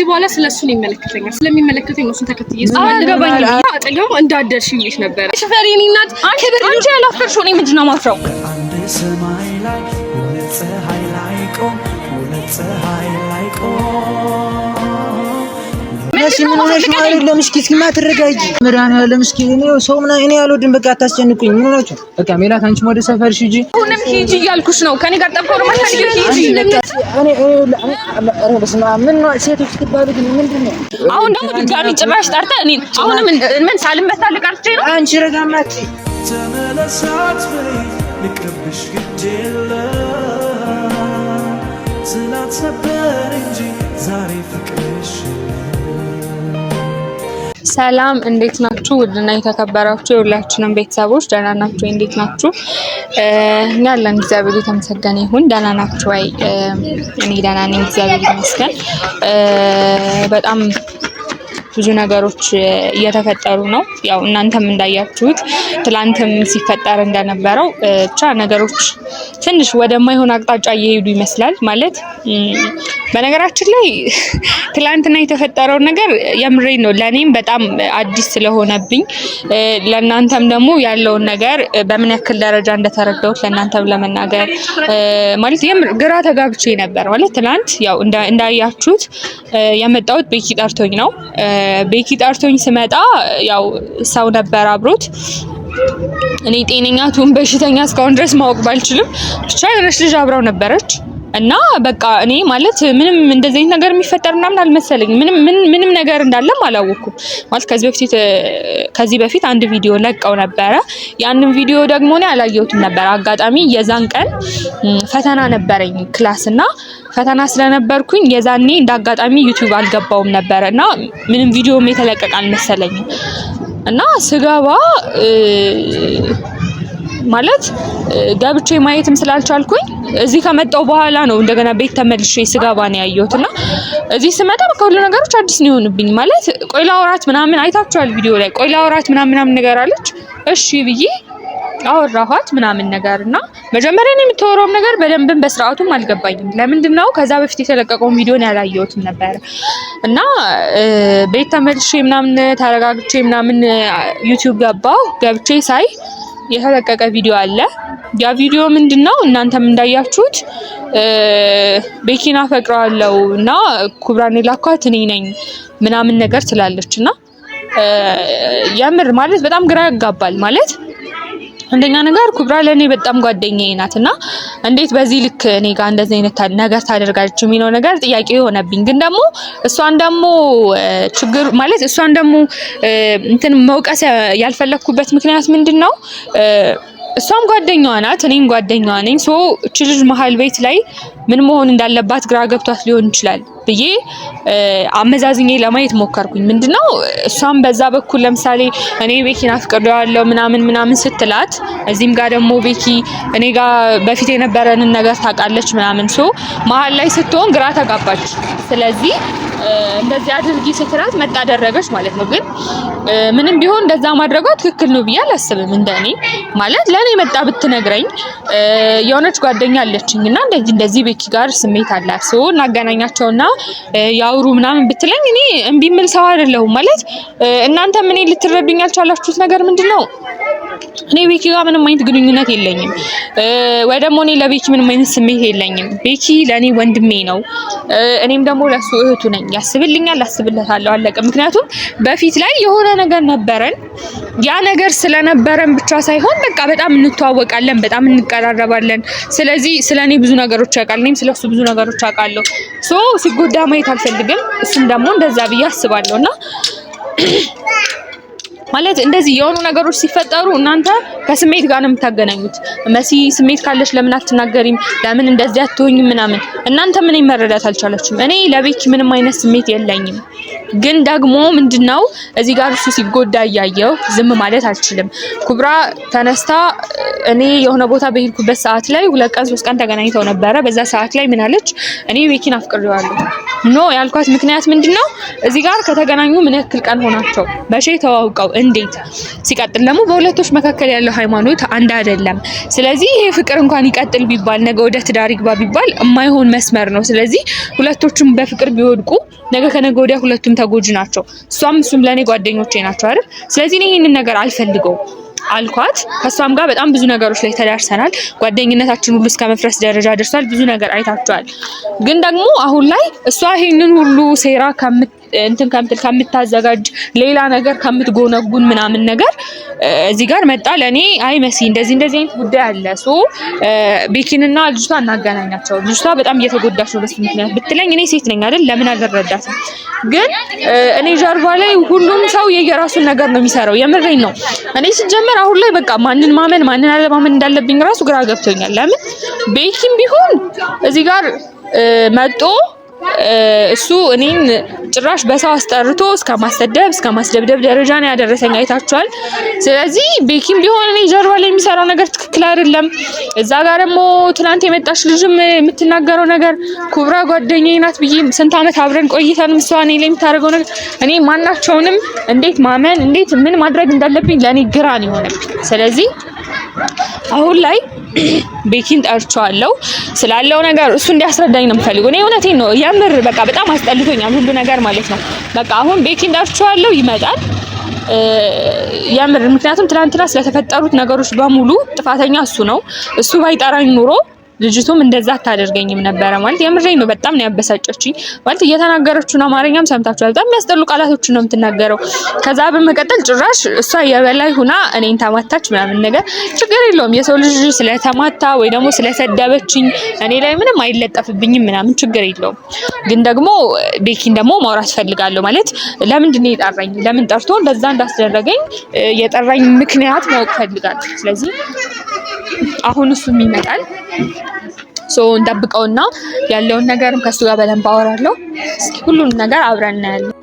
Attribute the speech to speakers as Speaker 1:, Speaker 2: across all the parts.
Speaker 1: ከዚህ በኋላ ስለ እሱን ይመለከተኛል። ስለሚመለከተኝ እሱን ተከትዬ አጠገቡ እንዳደርሽ ይልሽ ነበረ። ሽፈሪ እኔ እናት አንቺ ያላፈርሽ ሆኔ ምንድን ነው ማፍራው? አንድ ሰማይ ላይ ሁለት ፀሐይ ላይ ቆም ሁለት ፀሐይ ላይ ቆም እሺ ምን ሆነሽ ነው? አይደለም እስኪ እስኪማ ትረጋጊ። መድኃኒዓለም እስኪ እኔ ሰው ምና እኔ አልወድም። በቃ አታስጨንቁኝ። ምን ሆናችሁ? በቃ ሜላት አንቺም ወደ ሰፈርሽ ሂጂ፣ ሁንም ሂጂ እያልኩሽ ነው። ከኔ ጋር ጠብቀው ነው የማትፈልጊው? ሂጂ።
Speaker 2: ምን ነው ሴቶች ትባሉ ግን ምንድን ነው? አሁን ደግሞ ድጋሚ ጭራሽ ጠርተህ አሁንም ምን ነው? አንቺ ተመለሳት ልቅርብሽ ግድ ሰላም እንዴት ናችሁ? ውድና የተከበራችሁ የሁላችንም ቤተሰቦች ደህና ናችሁ? እንዴት ናችሁ? እኛ ያለን እግዚአብሔር የተመሰገነ ይሁን። ደህና ናችሁ ወይ? እኔ ደህና ነኝ፣ እግዚአብሔር ይመስገን። በጣም ብዙ ነገሮች እየተፈጠሩ ነው። ያው እናንተም እንዳያችሁት ትላንትም ሲፈጠር እንደነበረው ብቻ ነገሮች ትንሽ ወደማይሆን አቅጣጫ እየሄዱ ይመስላል። ማለት በነገራችን ላይ ትላንትና የተፈጠረውን ነገር የምሬ ነው ለእኔም በጣም አዲስ ስለሆነብኝ ለእናንተም ደግሞ ያለውን ነገር በምን ያክል ደረጃ እንደተረዳሁት ለእናንተም ለመናገር ማለት ግራ ተጋብቼ ነበር። ማለት ትላንት ያው እንዳያችሁት የመጣሁት ቤኪ ጠርቶኝ ነው። ቤኪ ጠርቶኝ ስመጣ ያው ሰው ነበር አብሮት። እኔ ጤነኛ ትሁን በሽተኛ እስካሁን ድረስ ማወቅ ባልችልም ብቻ የሆነች ልጅ አብራው ነበረች። እና በቃ እኔ ማለት ምንም እንደዚህ አይነት ነገር የሚፈጠር ምናምን አልመሰለኝ። ምንም ምንም ነገር እንዳለም አላወኩም። ማለት ከዚህ በፊት ከዚህ በፊት አንድ ቪዲዮ ለቀው ነበረ። ያንን ቪዲዮ ደግሞ እኔ አላየሁትም ነበር። አጋጣሚ የዛን ቀን ፈተና ነበረኝ ክላስ እና ፈተና ስለነበርኩኝ የዛኔ እንደ አጋጣሚ ዩቲዩብ አልገባውም ነበረ እና ምንም ቪዲዮም የተለቀቀ አልመሰለኝም እና ስገባ ማለት ገብቼ ማየትም ስላልቻልኩኝ እዚህ ከመጣው በኋላ ነው እንደገና ቤት ተመልሼ ስገባ ነው ያየሁት። እና እዚህ ስመጣ በቃ ሁሉ ነገሮች አዲስ ነው የሆኑብኝ። ማለት ቆይላ ወራት ምናምን አይታችኋል ቪዲዮ ላይ ቆይላ ወራት ምናምን ምናምን ነገር አለች። እሺ ብዬ አወራኋት ምናምን ነገር እና መጀመሪያ ነው የምታወራውም ነገር በደንብም በስርዓቱም አልገባኝም። ለምንድን ነው ከዛ በፊት የተለቀቀውን ቪዲዮን ያላየሁትም ነበር እና ቤት ተመልሼ ምናምን ተረጋግቼ ምናምን ዩቲዩብ ገባሁ ገብቼ ሳይ የተለቀቀ ቪዲዮ አለ። ያ ቪዲዮ ምንድን ነው? እናንተም እንዳያችሁት ቤኪን አፈቅረዋለሁ እና ኩብራን የላኳት እኔ ነኝ ምናምን ነገር ትላለች እና የምር ማለት በጣም ግራ ያጋባል ማለት አንደኛ ነገር ኩብራ ለእኔ በጣም ጓደኛዬ ናት እና እንዴት በዚህ ልክ እኔ ጋር እንደዚህ አይነት ነገር ታደርጋለች የሚለው ነገር ጥያቄ የሆነብኝ ግን ደግሞ እሷን ደግሞ ችግር ማለት እሷን ደግሞ እንትን መውቀስ ያልፈለግኩበት ምክንያት ምንድን ነው? እሷም ጓደኛዋ ናት፣ እኔም ጓደኛዋ ነኝ። ሶ እቺ ልጅ መሀል ቤት ላይ ምን መሆን እንዳለባት ግራ ገብቷት ሊሆን ይችላል ብዬ አመዛዝኜ ለማየት ሞከርኩኝ። ምንድነው እሷም በዛ በኩል ለምሳሌ እኔ ቤኪን አፍቅሬዋለሁ ምናምን ምናምን ስትላት፣ እዚህም ጋር ደግሞ ቤኪ እኔ ጋር በፊት የነበረንን ነገር ታውቃለች ምናምን። ሶ መሀል ላይ ስትሆን ግራ ተጋባች። ስለዚህ እንደዚህ አድርጊ ስትላት መጣ አደረገች ማለት ነው። ግን ምንም ቢሆን እንደዛ ማድረጓ ትክክል ነው ብዬ አላስብም እንደኔ ማለት ለእኔ መጣ ብትነግረኝ የሆነች ጓደኛ አለችኝ እና እንደዚህ እንደዚህ ቤኪ ጋር ስሜት አላት ሰው እናገናኛቸውና ያውሩ ምናምን ብትለኝ እኔ እምቢ የምል ሰው አይደለሁም። ማለት እናንተ ምን ልትረዱኝ ያልቻላችሁት ነገር ምንድን ነው? እኔ ቤኪ ጋር ምንም አይነት ግንኙነት የለኝም፣ ወይ ደግሞ እኔ ለቤኪ ምንም አይነት ስሜት የለኝም። ቤኪ ለእኔ ወንድሜ ነው፣ እኔም ደግሞ ለሱ እህቱ ነኝ። ያስብልኛል፣ ያስብለታለሁ፣ አለቀ። ምክንያቱም በፊት ላይ የሆነ ነገር ነበረን። ያ ነገር ስለነበረን ብቻ ሳይሆን በቃ በጣም እንተዋወቃለን፣ በጣም እንቀራረባለን። ስለዚህ ስለ እኔ ብዙ ነገሮች ያውቃል፣ እኔም ስለሱ ብዙ ነገሮች አውቃለሁ። ሶ ሲጎዳ ማየት አልፈልግም። እሱም ደግሞ እንደዛ ብዬ አስባለሁ እና ማለት እንደዚህ የሆኑ ነገሮች ሲፈጠሩ እናንተ ከስሜት ጋር ነው የምታገናኙት። መሲ ስሜት ካለች ለምን አትናገሪም? ለምን እንደዚህ አትሆኝም? ምናምን እናንተ ምን መረዳት አልቻላችሁም። እኔ ለቤኪ ምንም አይነት ስሜት የለኝም፣ ግን ደግሞ ምንድነው እዚህ ጋር እሱ ሲጎዳ እያየው ዝም ማለት አልችልም። ኩብራ ተነስታ እኔ የሆነ ቦታ በሄድኩበት ሰዓት ላይ ሁለት ቀን ሶስት ቀን ተገናኝተው ነበረ። በዛ ሰዓት ላይ ምን አለች? እኔ ቤኪን አፍቅሬዋለሁ ኖ ያልኳት ምክንያት ምንድነው እዚህ ጋር ከተገናኙ ምን ያክል ቀን ሆናቸው መቼ ተዋውቀው እንዴት? ሲቀጥል ደግሞ በሁለቶች መካከል ያለው ሃይማኖት አንድ አይደለም። ስለዚህ ይሄ ፍቅር እንኳን ይቀጥል ቢባል ነገ ወደ ትዳር ይግባ ቢባል የማይሆን መስመር ነው። ስለዚህ ሁለቶቹም በፍቅር ቢወድቁ ነገ ከነገ ወዲያ ሁለቱም ተጎጂ ናቸው። እሷም እሱም ለኔ ጓደኞቼ ናቸው አይደል? ስለዚህ እኔ ይህንን ነገር አልፈልገው አልኳት። ከእሷም ጋር በጣም ብዙ ነገሮች ላይ ተዳርሰናል። ጓደኝነታችን ሁሉ እስከ መፍረስ ደረጃ ደርሷል። ብዙ ነገር አይታችኋል። ግን ደግሞ አሁን ላይ እሷ ይህንን ሁሉ ሴራ ከምት እንትን ከምትል ከምታዘጋጅ ሌላ ነገር ከምትጎነጉን ምናምን ነገር እዚህ ጋር መጣ። ለኔ አይ መሲ እንደዚህ እንደዚህ አይነት ጉዳይ አለ ሶ ቤኪንና ልጅቷ እናገናኛቸው፣ ልጅቷ በጣም እየተጎዳች ነው በሱ ምክንያት ብትለኝ እኔ ሴት ነኝ አይደል ለምን አልረዳትም። ግን እኔ ጀርባ ላይ ሁሉም ሰው የየራሱን ነገር ነው የሚሰራው። የምሬን ነው። እኔ ሲጀመር አሁን ላይ በቃ ማንን ማመን ማንን አለማመን እንዳለብኝ ራሱ ግራ ገብቶኛል። ለምን ቤኪም ቢሆን እዚህ ጋር መጦ እሱ እኔን ጭራሽ በሰው አስጠርቶ እስከ ማስተደብ እስከ ማስደብደብ ደረጃ ነው ያደረሰኝ። አይታችኋል። ስለዚህ ቤኪም ቢሆን እኔ ጀርባ ላይ የሚሰራው ነገር ትክክል አይደለም። እዛ ጋር ደግሞ ትናንት የመጣች ልጅም የምትናገረው ነገር ኩብራ ጓደኛዬ ናት ብዬ ስንት ዓመት አብረን ቆይተን ምስዋ እኔ ላይ የምታደርገው ነገር እኔ ማናቸውንም እንዴት ማመን እንዴት ምን ማድረግ እንዳለብኝ ለእኔ ግራ ነው የሆነብኝ። ስለዚህ አሁን ላይ ቤኪን ጠርቼዋለሁ ስላለው ነገር እሱ እንዲያስረዳኝ ነው የምፈልገው። እኔ እውነቴን ነው የምር በቃ በጣም አስጠልቶኛል ሁሉ ነገር ማለት ነው። በቃ አሁን ቤኪን ጠርቼዋለሁ ይመጣል የምር ምክንያቱም ትናንትና ስለተፈጠሩት ነገሮች በሙሉ ጥፋተኛ እሱ ነው። እሱ ባይጠራኝ ኑሮ ልጅቱም እንደዛ አታደርገኝም ነበረ ማለት የምሬኝ ነው። በጣም ነው ያበሳጨችኝ ማለት እየተናገረችውን አማርኛም ሰምታችኋል። በጣም የሚያስጠሉ ቃላቶችን ነው የምትናገረው። ከዛ በመቀጠል ጭራሽ እሷ የበላይ ሁና እኔን ተማታች ምናምን ነገር። ችግር የለውም የሰው ልጅ ስለተማታ ወይ ደግሞ ስለሰደበችኝ እኔ ላይ ምንም አይለጠፍብኝም ምናምን ችግር የለውም። ግን ደግሞ ቤኪን ደግሞ ማውራት ፈልጋለሁ ማለት ለምንድን ነው የጠራኝ? ለምን ጠርቶ እንደዛ እንዳስደረገኝ የጠራኝ ምክንያት ማወቅ ፈልጋለሁ። ስለዚህ አሁን እሱም ይመጣል። ሶ እንጠብቀውና ያለውን ነገርም ከሱ ጋር በደንብ አወራለሁ። እስኪ ሁሉንም ነገር አብረን እናያለን።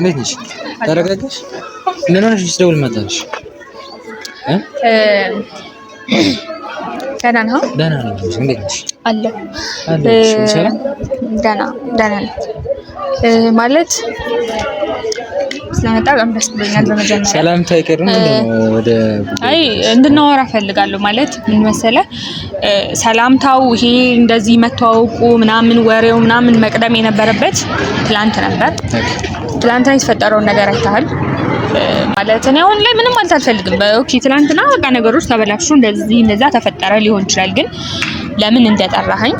Speaker 3: እንዴት ነሽ? ተረጋጋሽ? ምን ሆነሽ ስደውል መጣሽ? ደህና ነው። ደህና ነው። እንዴት ነሽ?
Speaker 2: አለሁ። ደህና ደህና ነኝ ማለት ስለመጣ በጣም ደስ ብሎኛል። በመጀመሪያ
Speaker 3: ሰላምታ ወደ
Speaker 2: አይ እንድናወራ ፈልጋለሁ። ማለት ምን መሰለ ሰላምታው ይሄ እንደዚህ መተዋወቁ ምናምን ወሬው ምናምን መቅደም የነበረበት ትላንት ነበር። ትላንትና የተፈጠረውን ነገር አይተሃል። ማለት እኔ አሁን ላይ ምንም ማለት አልፈልግም። ኦኬ ትላንትና በቃ ነገሮች ተበላሹ፣ እንደዚህ እንደዛ ተፈጠረ ሊሆን ይችላል። ግን ለምን እንደጠራኸኝ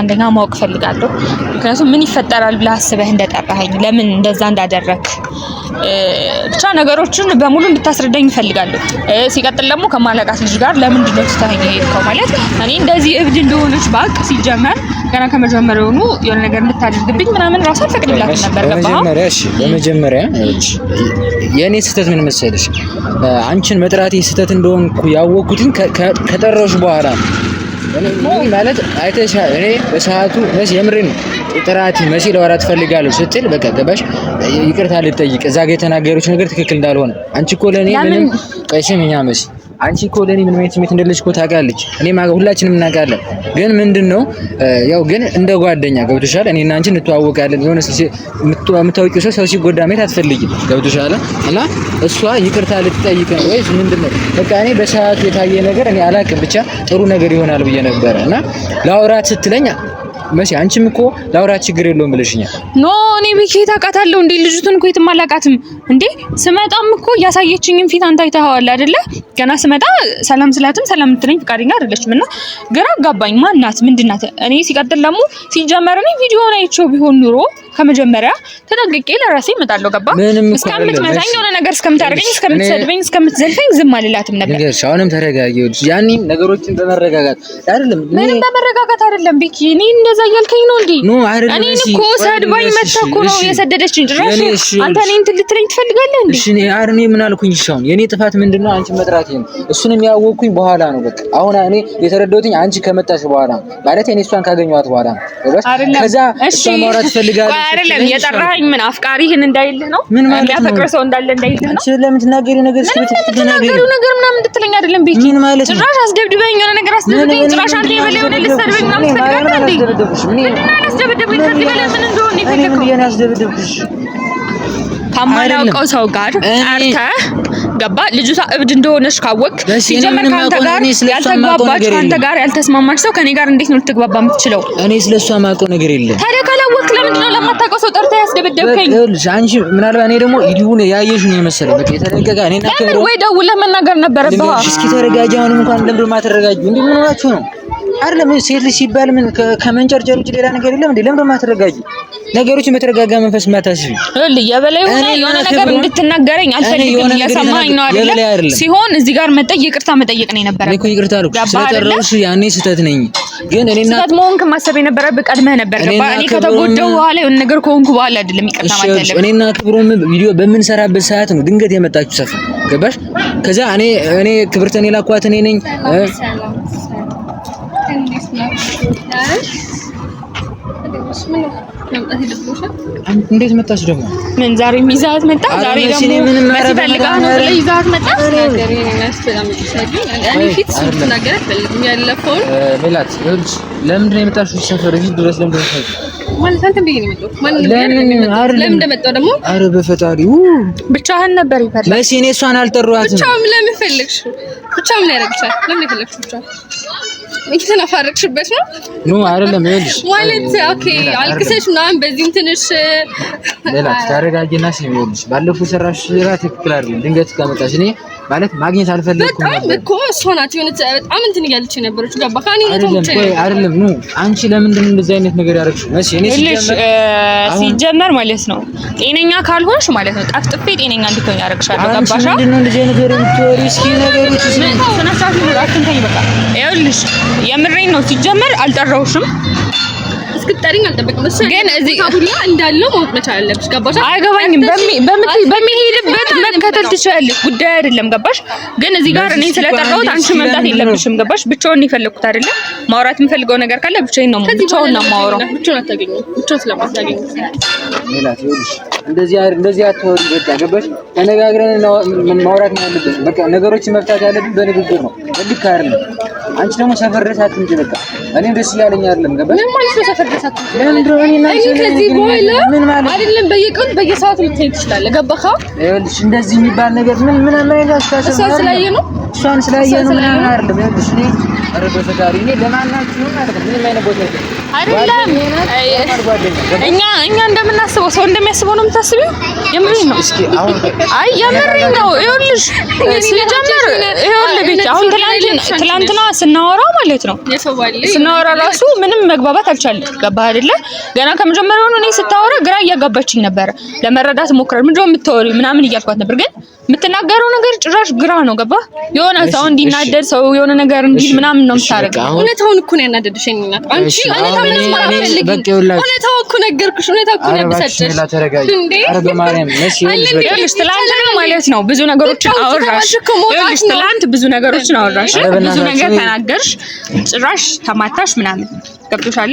Speaker 2: አንደኛ ማወቅ ፈልጋለሁ። ምክንያቱም ምን ይፈጠራል ብለህ አስበህ እንደጠራኸኝ ለምን እንደዛ እንዳደረግ ብቻ ነገሮችን በሙሉ እንድታስረዳኝ እፈልጋለሁ። ሲቀጥል ደግሞ ከማለቃት ልጅ ጋር ለምንድን ነው ትተኸኝ የሄድከው? ማለት እኔ እንደዚህ እብድ እንደሆነች ባቅ ሲጀመር ገና ከመጀመሪያውኑ የሆነ ነገር እንድታደርግብኝ ምናምን ራሱ አልፈቅድላት
Speaker 3: ነበር። በመጀመሪያ በመጀመሪያ የእኔ ስህተት ምን መሰለሽ፣ አንቺን መጥራቴ ስህተት እንደሆንኩ ያወቅኩትን ከጠራሁሽ በኋላ ማለት አይተሻል። እኔ በሰዓቱ መስ የምሬ ነው ጥራት መሲ ለወራት ፈልጋለሁ ስትል በቃ ገባሽ። ይቅርታ ልጠይቅ እዛ ጋ ነገር ትክክል እንዳልሆነ አንቺ እኮ ለእኔ ምንም ቀሽም እኛ መሲ አንቺ እኮ ለኔ ምን ማለት ስሜት እንደለሽ እኮ ታውቃለች። እኔ ሁላችንም እናውቃለን። ግን ምንድነው ያው ግን እንደ ጓደኛ ገብቶሻል። እኔና እና አንቺ እንተዋወቃለን። የሆነ የምታውቂው ሰው ሰው ሲጎዳ ማየት አትፈልጊም። ገብቶሻል። እና እሷ ይቅርታ ልትጠይቀን ወይስ ምንድነው? በቃ እኔ በሰዓቱ የታየ ነገር እኔ አላውቅም፣ ብቻ ጥሩ ነገር ይሆናል ብዬ ነበረ እና ላውራት ስትለኝ መሲ አንቺም እኮ ላውራ ችግር የለውም ብለሽኛል።
Speaker 2: ኖ እኔ ቤኪ ታውቃታለሁ እንዴ? ልጅቱን እኮ የትም አላውቃትም እንዴ። ስመጣም እኮ እያሳየችኝም ፊት አንተ አይተኸዋል አይደለ? ገና ስመጣ ሰላም ስላትም ሰላም የምትለኝ ፈቃደኛ አይደለችም። እና ግራ አጋባኝ። ማናት? ምንድናት? እኔ ሲቀጥል ደግሞ ሲጀመር እኔ ቪዲዮውን አይቼው ቢሆን ኑሮ ከመጀመሪያ ተጠንቅቄ ለራሴ እመጣለሁ። ገባ እስከምትመታኝ የሆነ ነገር እስከምታደርገኝ፣ እስከምትሰድበኝ፣ እስከምትዘልፈኝ ዝም አልላትም ነበር።
Speaker 3: አሁንም ተረጋጊ። ያኔም ነገሮችን በመረጋጋት አይደለም፣
Speaker 2: ምንም በመረጋጋት አይደለም። ቢኪ እኔ እንደዛ እያልከኝ ነው እንዴ? እኔ እኮ ሰድባኝ መታ እኮ ነው የሰደደችኝ። ጭራሽ አንተ እኔ እንትን ልትለኝ ትፈልጋለህ እንዴ?
Speaker 3: እሺ እኔ ምን አልኩኝ? እሺ አሁን የኔ ጥፋት ምንድነው? አንቺ መጥራት ይሄን እሱንም ያወቅኩኝ በኋላ ነው። በቃ አሁን እኔ የተረዳሁትኝ አንቺ ከመጣሽ በኋላ ማለት እኔ እሷን ካገኘኋት በኋላ ነው። ከዛ እሷን ማውራት ትፈልጋለህ
Speaker 2: አይደለም የጠራኸኝ ምን አፍቃሪህን ይሄን እንዳይልህ ነው። ምን ማለት ነው? የሚያፈቅር ሰው እንዳለ እንዳይልህ
Speaker 3: ነው። ስለምን ትናገሪ ነገር
Speaker 2: ስለምን ትናገሪ ነገር ምናምን እንድትለኝ አይደለም። ቤኪ ጭራሽ አስደብድበኝ የሆነ ነገር አስደብድበኝ ጭራሽ አንተ የበለ የሆነ ልትሰድበኝ ምናምን ትፈልጋለህ እንዴ?
Speaker 3: ምንድን
Speaker 2: ነው ያስደብድበኝ? ከዚህ በላይ ምን
Speaker 3: እንደሆነ የፈለከው
Speaker 2: ታማናውቀው ሰው ጋር አርተህ ገባ። ልጅቷ እብድ እንደሆነች ካወቅ ሲጀመር ከአንተ ጋር ያልተግባባች ከአንተ ጋር ያልተስማማች ሰው ከኔ ጋር እንዴት ነው ልትግባባ የምትችለው?
Speaker 3: እኔ ስለ ስለሷ የማውቀው ነገር የለም።
Speaker 2: ታዲያ ካላወቅ ለምንድን ነው ለማታውቀው ሰው ጠርታ ያስደበደብከኝ?
Speaker 3: አንቺ ምናልባት እኔ ደግሞ ይሁን ያየሽ ነው የመሰለ በቃ
Speaker 2: እኔ ወይ ደውለህ መናገር ነበረብህ።
Speaker 3: እስኪ ተረጋጂ። አሁን እንኳን ለምድ ነው እንዲ እንዴ ነው? አይደለም ሴት ልጅ ሲባል ምን ከመንጨርጨር ውጪ ሌላ ነገር የለም እንዴ? ለምድ ነው ነገሮችን በተረጋጋ መንፈስ ማታስብ
Speaker 2: እል የበላይ ሆነ የሆነ ነገር እንድትናገረኝ አልፈልግም። እያሰማኸኝ ነው አይደል? ሲሆን እዚህ ጋር መጠየቅ ይቅርታ መጠየቅ ነው የነበረብህ
Speaker 3: እኮ ይቅርታ አልኩ። ስለጠራሁሽ ያኔ ስህተት ነኝ፣
Speaker 2: ግን እኔና ስህተት መሆንክ ማሰብ የነበረብህ ቀድመህ ነበር። ገባህ? እኔ ከተጎዳሁ በኋላ የሆነ ነገር ከሆንኩ በኋላ አይደለም ይቅርታ
Speaker 3: ማለት ያለብህ። እኔና ክብሮም ቪዲዮ በምንሰራበት ሰዓት ነው ድንገት የመጣችሁ ሰፍ ገባሽ? ከዛ እኔ እኔ ክብርትን የላኳት እኔ ነኝ እ እንዴት መጣች ደግሞ?
Speaker 2: ምን ዛሬ ይዛት መጣ? ዛሬ ደግሞ ነው ይዛት መጣ? ለምንድን እዚህ ድረስ ለምንድን ነው
Speaker 3: ኧረ በፈጣሪ
Speaker 2: ብቻህን ነበር ይፈልግ
Speaker 3: መሲ። እኔ እሷን አልጠራኋትም።
Speaker 2: ብቻውን ለምን ፈለግሽ? ብቻም ላይ ያደርግሻል? ለምን ፈለግሽ ብቻውን እየተነፋረቅሽበት ነው?
Speaker 3: ኑ አይደለም። ይኸውልሽ
Speaker 2: ማለት ኦኬ፣ አልቅሰሽ ምናምን በዚህ እንትንሽ
Speaker 3: ሌላ ታረጋጊና፣ ይኸውልሽ ባለፈው ሰራሽ ስራ ትክክል አይደለም። ድንገት ከመጣሽ እኔ ማለት ማግኘት አልፈለኩም።
Speaker 2: በጣም እኮ እሷ ናት የሆነች በጣም እንትን እያለች የነበረች ጋባ ካኒ ነው
Speaker 3: አይደለም። ኑ አንቺ ለምንድን ነው እንደዚህ አይነት ነገር ያደረግሽው? እሺ እኔ
Speaker 2: ሲጀመር ማለት ነው ጤነኛ ካልሆንሽ ማለት ነው ጠፍጥፌ ጤነኛ እንድትሆን ያደርግሻለሁ።
Speaker 3: ገባሻ? ምንድን ነው እንደዚህ አይነት ነገር የምትወሪ? እስኪ ነገሮች
Speaker 2: ይኸውልሽ የምሬን ነው ሲጀመር አልጠራውሽም እስክትጠሪኝ አልጠበቅም። ግን እዚህ እንዳለው ማወቅ መቻል አለብሽ። ገባሽ? አይገባኝም። በሚሄድበት መከተል ትችላለሽ። ጉዳይ አይደለም። ገባሽ? ግን እዚህ ጋር እኔ ስለጠራሁት አንቺ መምጣት የለብሽም። ገባሽ? ብቻውን የፈለኩት አይደለም። ማውራት የምፈልገው ነገር ካለ ብቻዬን ነው። ብቻውን ነው የማወራው። ብቻውን አታገኝም። ብቻውን ስለማታገኝም
Speaker 3: እንደዚህ እንደዚህ አትወሪ። በቃ ገባሽ? ተነጋግረን ማውራት ነው ያለብን። በቃ ነገሮችን መፍታት ያለብን በንግግር ነው። ልክ አይደለም። አንቺ ደግሞ ሰፈር ድረስ አትምጪ። በቃ እኔም ደስ እያለኝ አይደለም። ገባሽ?
Speaker 2: ከዚህ በኋላ አይደለም በየቀኑ በየሰዓቱ ልትሄድ ትችላለህ። ገባህ?
Speaker 3: እንደዚህ የሚባል ነገር ምን ምን
Speaker 2: እሷን ስላየ ነው
Speaker 3: እሷን ስላየ ነው ምናምን አይደለም። ይኸውልሽ እኔ ኧረ በፈጣሪ እኔ ለማናችሁም አይደለም ምንም አይነት ቦታ
Speaker 2: አይደለም። እኛ እኛ እንደምናስበው ሰው እንደሚያስበው ነው የምታስቢው? የምሬን ነው። እስኪ አሁን አይ የምሬን ነው። ይኸውልሽ ይኸውልህ ቤት አሁን ትናንትና ስናወራ ማለት ነው ስናወራ ራሱ ምንም መግባባት አልቻልንም። ትረዳሻለህ። ገባ አይደለ? ገና ከመጀመሪያው እኔ ስታወራ ግራ እያጋባችኝ ነበረ። ለመረዳት ሞክረን ምንድን ነው የምታወሪው ምናምን እያልኳት ነበር፣ ግን የምትናገረው ነገር ጭራሽ ግራ ነው። ገባ የሆነ ሰው እንዲናደድ ሰው የሆነ ነገር እንዲል ምናምን ነው የምታደርገው። እውነታውን እኮ ነው ያናደድሽኝ እናት። አንቺ እውነታውን እኮ ነገርኩሽ። እውነታውን እኮ ነበር ትላንትና ማለት ነው ብዙ ነገሮችን አወራሽ። ይኸውልሽ ትላንት ብዙ ነገሮችን አወራሽ፣ ብዙ ነገር ተናገርሽ፣ ጭራሽ ተማታሽ ምናምን ገብቶሻል።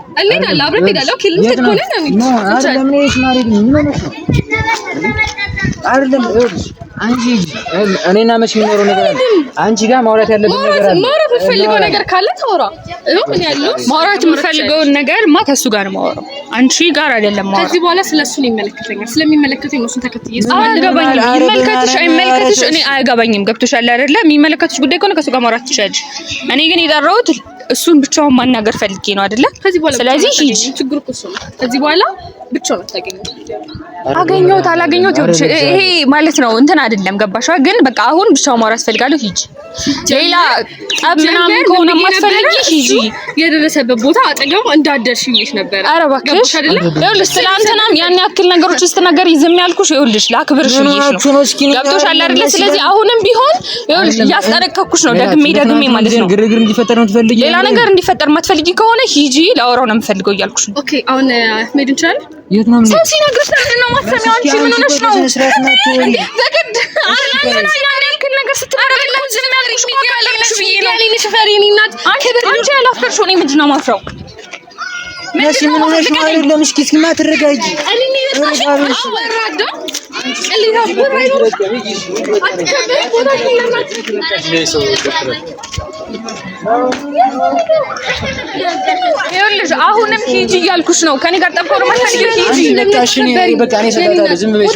Speaker 3: አንቺ እኔና የሚኖረው ነገር አለ። አንቺ ጋር ማውራት
Speaker 2: ያለብን ነገር አለ። ማውራት ነገር ካለ ታውራ። ምን ያለው ማውራት ነገር ማ ጋር ነው አንቺ ጋር አይደለም።
Speaker 1: ከዚህ በኋላ ስለ ነው የሚመለከተኛል። ስለሚመለከተኝ እሱን ተከትዬ
Speaker 2: አያገባኝም። ይመለከትሽ አይመለከትሽ እኔ አያገባኝም። ገብቶሻል አይደለ? የሚመለከትሽ ጉዳይ ከሆነ ከሱ ጋር ማውራት ትችያለሽ። እኔ ግን የጠራሁት እሱን ብቻውን ማናገር ፈልጌ ነው አይደለ? ስለዚህ ሂድ። ችግር እኮ እሱ ነው። ከዚህ በኋላ ብቻውን አታገኘውም። አገኘሁት አላገኘሁት ይኸውልሽ፣ ይሄ ማለት ነው እንትን አይደለም ገባሽ? ግን በቃ አሁን ብቻ ማውራት ፈልጋለሁ። ሂጂ፣ ሌላ ጠብ ምናምን ከሆነ የማትፈልጊ ሂጂ።
Speaker 1: የደረሰበት ቦታ አጠገቡ እንዳደርሽ ይሽ ነበር።
Speaker 2: ኧረ እባክሽ ይኸውልሽ፣ ትናንትናም ያን ያክል ነገሮች ነገር ዝም ያልኩሽ ይኸውልሽ ላክብርሽ ይሽ ነው። ገብቶሻል አይደለ? ስለዚህ አሁንም ቢሆን ይኸውልሽ እያስጠነቀኩሽ ነው፣ ደግሜ ደግሜ ማለት ነው።
Speaker 3: ግርግር እንዲፈጠር ነው የምትፈልጊው?
Speaker 2: ሌላ ነገር እንዲፈጠር የማትፈልጊ ከሆነ ሂጂ፣ ላወራው ነው የምፈልገው እያልኩሽ
Speaker 1: ነው። ኦኬ፣ አሁን መሄድ እንችላለን።
Speaker 2: የት ነው ሰው ሲነግርሽ ምንድን ነው ማሰሚያው? አንቺ ምን ሆነሽ ነው? በግድ ነገር
Speaker 3: መቼ ምን ሆነሽ ነው? አይደለም እሺ፣ እስኪማ ትረጋጊ።
Speaker 2: ይኸውልሽ አሁንም ሂጂ እያልኩሽ ነው። ከኔ ጋር ጠብቀው ነው የማታድጊው።
Speaker 3: በቃ እኔ እሰጣታለሁ። ዝም ብለሽ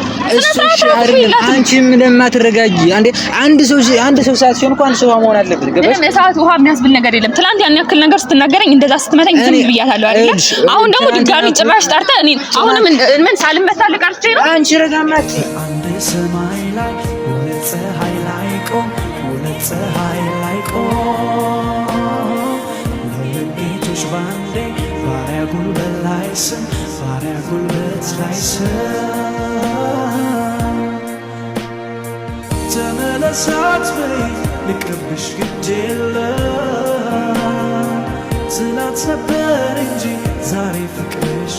Speaker 3: አንቺ አንቺም አንዴ አንድ ሰው አንድ ሰው ሰዓት ሲሆን እኮ አንድ ሰው ውሃ መሆን አለበት።
Speaker 2: ገበሽ ምንም ሰዓት ውሃ የሚያስብል ነገር የለም። ትናንት ያን ያክል ነገር ስትናገረኝ እንደዛ ስትመታኝ ዝም ብያታለሁ አይደል? አሁን ደግሞ ድጋሚ ጭራሽ ጠርተህ እኔ አሁንም ምን ሳልመታ ልቀርቼ ነው
Speaker 3: አንቺ ረጋማት አንድ ሰማይ ላይ ሁለት ፀሐይ ላይ ቆም ሁለት ፀሐይ ላይ ቆም ባንዴ ባሪያ ጉልበት ላይ ስም ባሪያ ጉልበት ላይ ስም ሳትበይ ልቅርብሽ ግድ የለም ስላት ነበር እንጂ ዛሬ ፍቅርሽ